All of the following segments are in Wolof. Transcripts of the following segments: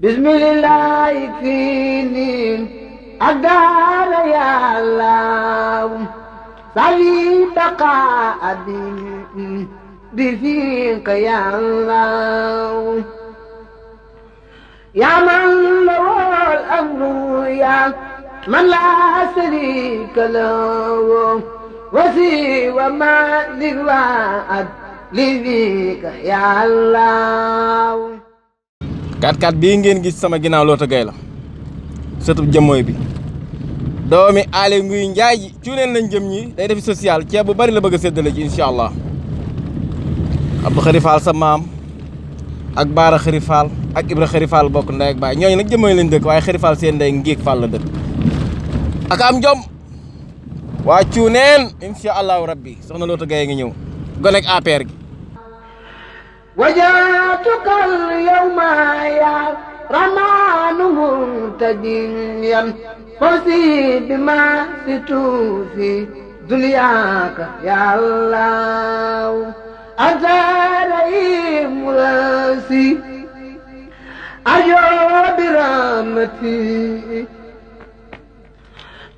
بسم الله يكفيني أدار يا الله صلي بقاء أبي بفيك يا الله يا من له الأمر يا من لا شريك له وسوى ما للوعد لذيك يا الله 4 x bii ngeen gis sama ginnaaw Lota Gaye la sëtub bi doomi aale nguy njaay ji cuuneen lañ jëm ñi day def social ceeb bu bari la bëgg a séddale ji incha allah Abdou Xarifaal sa maam ak Baara Xarifaal ak Ibra Xarifaal bokk ndey ak baay ñooñu nag jëmmooy lañ dëkk waaye Xarifaal seen ndey ngiig Faal la dëkk ak jom waa cuuneen incha allahu rabbi soxna Lota Gaye ngi ñëw gonek APR gi وجاتك اليوم يا رمان منتجيا فوزي بما ستوفي دنياك يا الله أزاري مراسي أرجو برامتي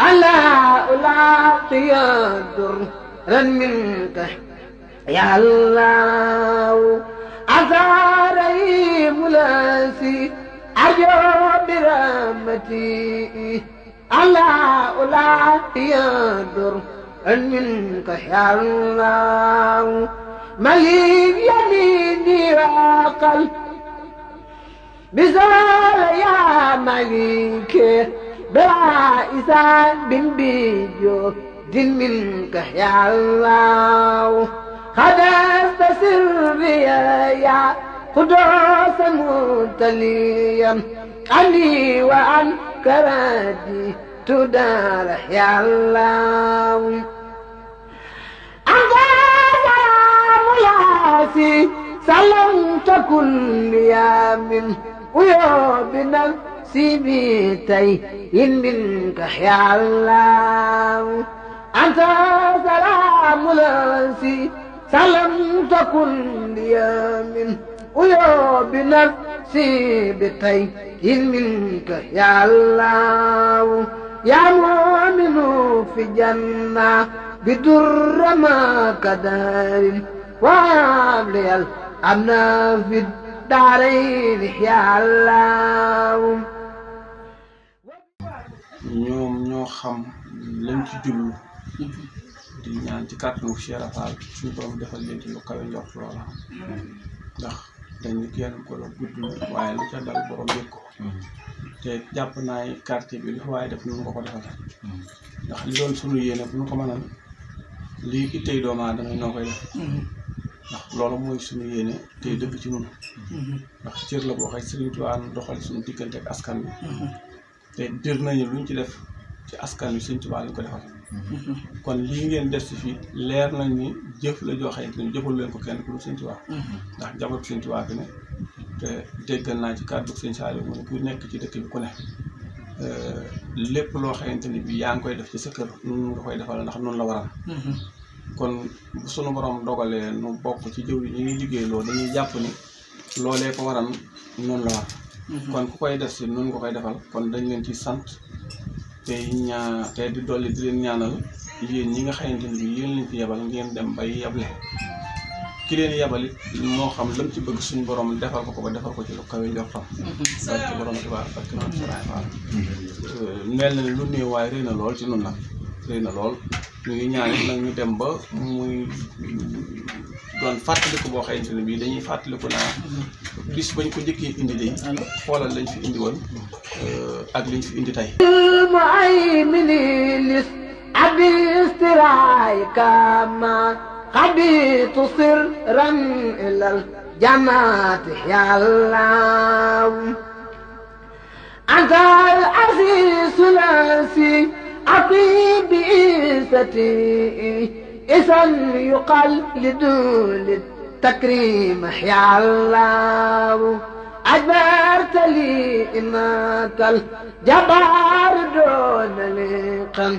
ألا ألاقي الدر منك يا الله الثلاثي أرجو برحمتي ألا أولا يدر أن منك يا الله مليك يميني وقل بزول يا مليك بلا إسان بن بيجو دين منك يا الله خدست سري يا قداس متليا علي وعن كرادي تدار يا الله أنت سلام ياسي سلمت كل يوم ويوم سبيتي إن منك يا الله أنت سلام لاسي سلمت كل يوم uyoo bi nafsi bi tay in minka ya allah ya mu'minu fi janna bi durra ma kadarin waabliyal amna fi daarayn ya allah ñoom ñoo xam lañ ci jublu di ñaan ci kàttu Cheikh borom defal leen ci lu kawe njort loola dañu kenn ko la gudd waaye lu ca dal borom yëg ko te jàpp naay quartier bi lu fa waaye def nu nga ko defal ndax li doon suñu yéene bu ñu ko mënal lii it tey doomu aadama yi noo koy def ndax loolu mooy sunu yéene tey dëkk ci nun ndax cër la boo xëy Sëriñ Tuubaa doxal suñu diggante ak askan wi mhm. te dir nañu luñ ci def ci askan wi Sëriñ Tuubaa lañ ko defal kon lii ngeen def si fii leer nañ ni jëf la joo xamante ni jëfal leen ko kenn ku dul Sëñ ndax jabar Sëñ Tuubaa bi ne te déggal naa ci kàddu Sëñ Saaliw mu ne ku nekk ci dëkk bi euh, loo xamante ni bi yaa ngi koy def ci sa kër noonu nga koy defal ndax noonu la waral kon sunu borom dogalee nu bokk ci jëw yi ñu ngi liggéey loolu dañuy jàpp ni loolee ko waral noonu la war mm-hmm. kon ku koy def si noonu nga koy defal kon dañ leen ci sant tey ñaa tey di dolli di leen ñaanal yéen ñi nga xamante ne bi yéen lañ fi yebal ngeen dem bay yeble ki leen yebal it moo xam lam ci bëgg suñu borom defal ko ko ba defal ko ci lu kawe njortam. barke borom tubaab barke maam Saraay Faal mm-hmm. mel na lu néew waaye rëy na lool ci noonu la rëy na lool ñu ngi nag ñu dem ba muy doon fàttaliku boo xamante ne dañuy fàttaliku naa bis bañ ko njëkkee indi de xoolal lañ fi indi woon eh, ak liñ fi indi tey قبيت سرا إلى الجماعة يا الله أنت العزيز العزيز أطيب إيستي إذا يقال لدول التكريم يا الله أجبرت لي إمات الجبار دون لقم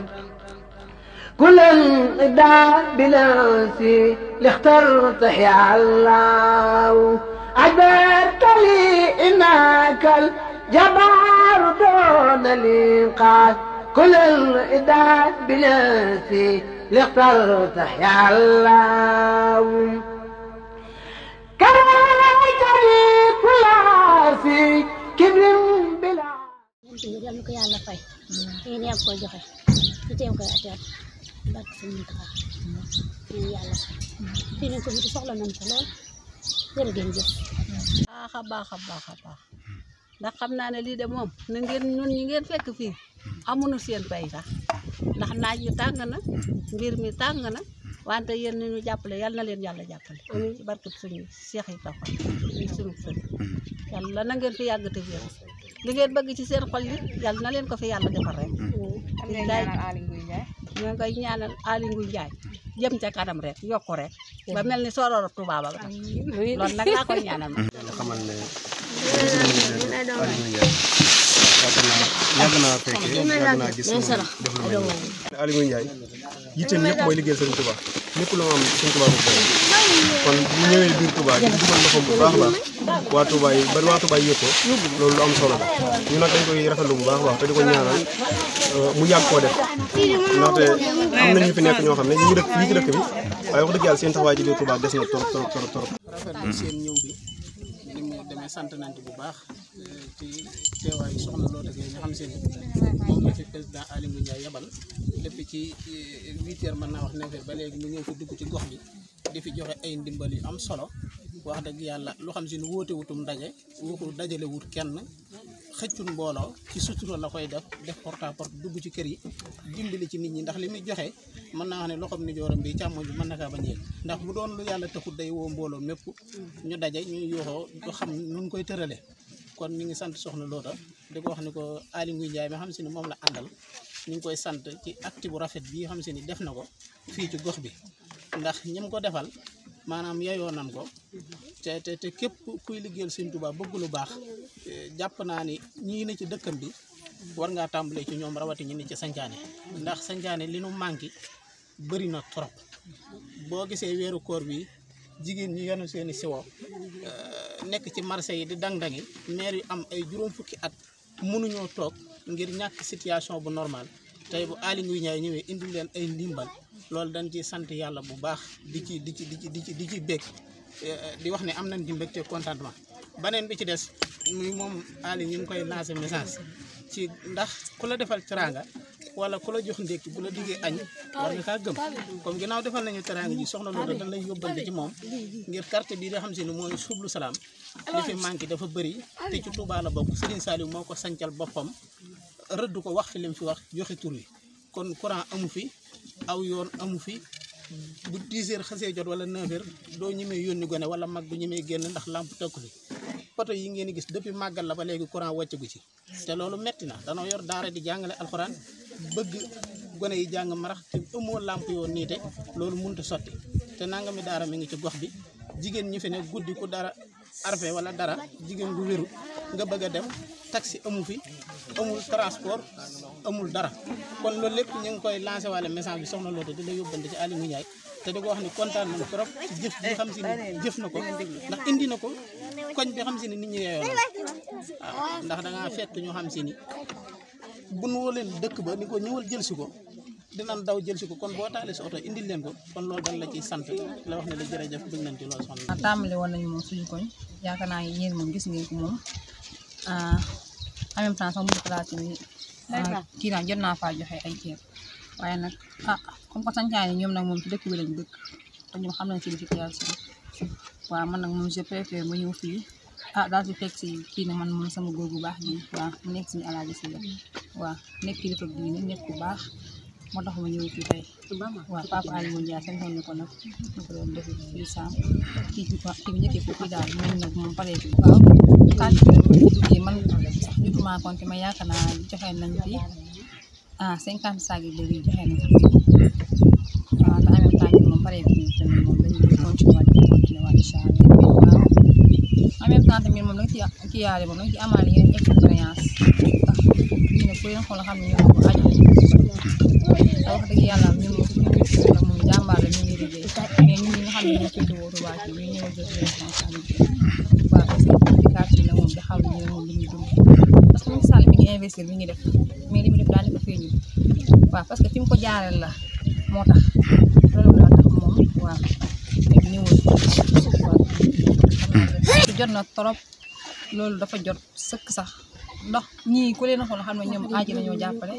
كل الإداء بلاسي لاخترت يا الله أجبرت لي إنك الجبار دون لقم كل الإداد بنفسي لاخترت يا الله كرهتني كل في كبر بلا yàlla ko yàlla fay yéen yàgg koy joxe su teew koy ateel barke sëñ Muntaxa yéen yàlla fay fii nañ ko fi soxla nañ ko lool jërë ngeen jëf baax a baax a baax a baax ndax xam naa ne lii de moom na ngeen ñun ñi ngeen fekk fii amuñu seen pay sax ndax naaj yu tàng na mbir mi tàng na wante yéen ñu jàppale yal na leen yàlla jàppale ci barkeb suñu seex yi taxaw ñu suñu sëñ yàlla na ngeen fi yàgg te wér li ngeen bëgg ci seen xol yi yàlla na leen ko fi yàlla defal rek ñoo ngay ñaanal Aly Ngouille Ndiaye jëm ca kanam rek yokku rek ba mel ni sororo Touba ba tax loolu nag laa koy ñaanal yaakaar naa yàgg naa fekkee yàgg naa gis def lu mel nii Aliou Ndiaye yitteem yëpp mooy liggéeyal Sëriñ Touba lépp lu ma am Sëriñ Touba ko kon bu baax baax waa Touba yi ba waa tubaay yi ko loolu lu am solo la ñu nag dañ koy rafetlu bu baax baax te di ko ñaanal mu yàgg koo def ndaxte am na fi nekk ñoo xam ne ñu ngi dëkk fii ci dëkk bi waaye wax dëgg seen taxawaay ji biir Touba des na trop trop trop trop rafetlu seen sant nañ bu baax ci teewaayu soxna Lô Dégé nga xam seen moom la fi président Aly Ngouille yabal lépp ci eh, huit heures mën naa wax neuf heures ba léegi mu ñëw fi dugg ci gox bi di fi joxe ay ndimbal yu am solo wax dëgg yàlla lu xam si ne wóote wutum ndaje waxul dajale kenn xëccul mbooloo ci sutura la koy def def porte à dugg ci kër yi dimbali ci nit ñi ndax li muy joxe mën naa wax ne loxoom ni jooram bi càmmoñ bi mën na kaa bañ ndax bu doon lu yàlla taxut day woo mbooloo mépp ñu daje ñu koy tërale kon ñu ngi sant soxna Loota di ko wax ni ko ali Ngouille Ndiaye ma xam si ni moom la àndal ñu ngi koy sant ci acte bu rafet bii xam si ni def na ko fii ci gox bi ndax ñim ko defal maanaam yeyoo nan ko te te képp kuy liggéeyal Sëñ Tuubaa bëgg lu baax eh, jàpp naa ni ñii ne ci dëkkam bi war ngaa tàmbalee ci ñoom rawati ñi ne ci sancaane ndax sancaane li nu manqué bëri na trop boo gisee weeru koor bi jigéen ñi yenu seeni siwo eh, nekk ci marché yi di dang-dangi maire yu am ay juróom fukki at mënuñoo toog ngir ñàkk situation bu normal tey bu Aly Ngouille Ndiaye ñëwee indil leen ay ndimbal loolu dañ ci sant yàlla bu baax di ci di ci di ci di ci di ci bég eh, eh, di wax ne am na ci mbégte contentement beneen bi ci des muy moom Aly ñun ngi koy lancer message ci ndax ku la defal teraanga wala ku la jox ndékki bu la diggee añ war nga kaa gëm comme ginnaaw defal nañu teraanga ji soxna loolu dañ lay yóbbante ci moom ngir carte bi nga xam si ne mooy sublu salaam li dafa bëri te ci la bokk Serigne Saliou moo ko sancal boppam rëdd ko wax fi lim fi wax joxe tur kon courant amu fi aw yoon amu fi bu 10 heures xasee jot wala 9 heures doo ñemee yónni gone wala mag bu ñemee génn ndax làmp tëkku fi poto yi ngeen gis depuis màggal la ba léegi courant wàccagu ci te loolu metti na danoo yor daara di jàngale alxuraan bëgg gone yi jàng marax te amoo làmp yoo niite loolu mënut a sotti te mi daara mi ngi ci gox bi jigéen ñi fi ne guddi ku dara arfe wala dara jigéen gu wéru nga bëgg a dem si amu fi amul transport amul dara kon loolu lépp ñu ngi koy lancé wàlle message bi soxna Lodé di la ci Aliou Ndiaye te di ko wax ni kontaan nañu trop ci jëf si jëf na ko ndax indi na ko koñ bi xam si ni nit ñi yeeyoon waaw ndax da ngaa fett ñu xam si ni bu nu wóoleel dëkk ba ni ko ñëwal jël si ko dinañ daw jël si ko kon boo taalee sa oto indil leen ko kon loolu dañ la ciy sant la wax ne la jërëjëf bëgg nañ ci loolu soxna. tàmbali woon nañu moom suñu koñ yaakaar naa yéen moom gis ngeen ko moom ah, en même temps sax mu placer nii. Ah, tiiraan jot naa faa joxe ay ceeb waaye nag ah comme que sancaani ñoom nag moom ci dëkk bi lañ dëkk te ñoom xam nañ seen situation waaw man nag moom je préfère ma ñëw fii a ah, daal di fekk si kii na man moom sama góor gu baax gi waaw mu nekk suñu alaaji si la waaw nekk kilifa diine nekk ku baax moo tax ma ñëw fii tey waaw Papa Alioune ko nag ñu ko moom paree bi man jotuma compte ma yaakaar naa joxe nañ fi ah cinquante saag yi léegi joxe nañ fi waaw te en moom paree bi tamit moom dañuy continuer waat expérience ku leen xool xam ne hmm. la moom ngi liggéey ne parce que ci quartier mi ngi investir mi ngi def mais li mu def daal di ko feeñu waaw parce que fi ko jaareel la moo tax loolu hmm. jot na trop loolu dafa jot sëkk sax ndax ñii ku leen xool xam ne ñoom aaji nañoo jàppale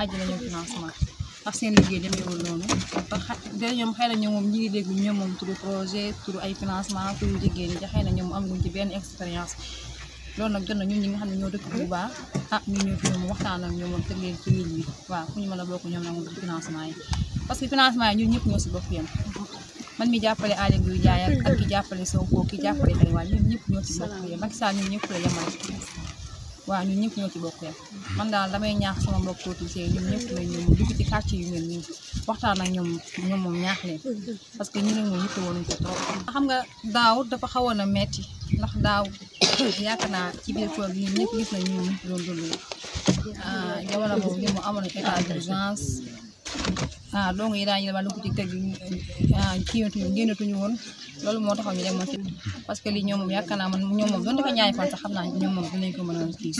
aaji nañoo financement ndax seen liggéey demeewul noonu ndax ñoom xëy na ñoom moom ñi ngi dégg ñoom moom turu projet turu ay financement turu jigéen ñi xëy na ñoom amuñ ci benn ñi nga xam ne ñoo dëkk bu baax ah ñu ñoom waxtaan ak ñoom teg leen ñu a bokk ñoom nag yi parce que financement yi ñun ñëpp ñoo si bokk yem man mi jàppale Aly Ngouille Ndiaye ak ki jàppale Sonko ki jàppale Karim Wade ñëpp ñoo si bokk yem Macky Sall ñun ñëpp la yemal waaw ñun ñëpp ñoo ci bokk yam man daal damay ñaax sama mbokk politicien ñun ñëpp la ñoom dugg ci waxtaan ak ñoom ñoom moom ñaax leen parce que ñu ne moom yitte woon nañ ko trop xam nga daaw dafa xawoon a metti ndax daaw yaakaar naa ci biir koor yi ñun ñëpp gis nañ ñun doon dund ah, jamono boobu ñu mu amoon état d'urgence ah dong yi daañu dama dugg ci ah, woon loolu moo taxaw ñu demoon ci parce que li ñoom moom yaakaar naa man ñoom moom donte ko ñaari fan sax xam naa ñoom moom dinañ ko a kii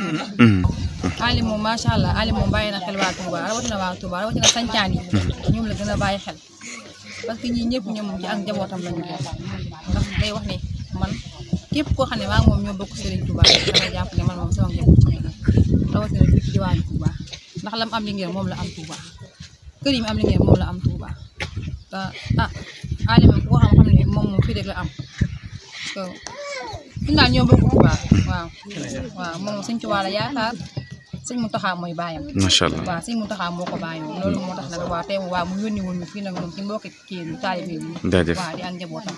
mm-hmm. bàyyi na xel mm-hmm. ñoom la gën a bàyyi xel parce que ñii ñëpp ñoom moom ci ak njabootam la ñu bokk wax ne man képp koo xam ne maa moom ñoo bokk Serigne Touba dama ndax lam am li ngeen moom la am Touba kër yi am li moom la am Touba te ah Alima boo xam xam ne moom moom moom sëñ Touba la yaakaar sëñ Mountakha mooy baayam. macha allah waaw sëñ Mountakha moo ko baayoon moo tax nag waa tey waa mu yónni woon ñu fii nag moom ci mbokki kii yi taalibe yi. jaajëf di ak njabootam.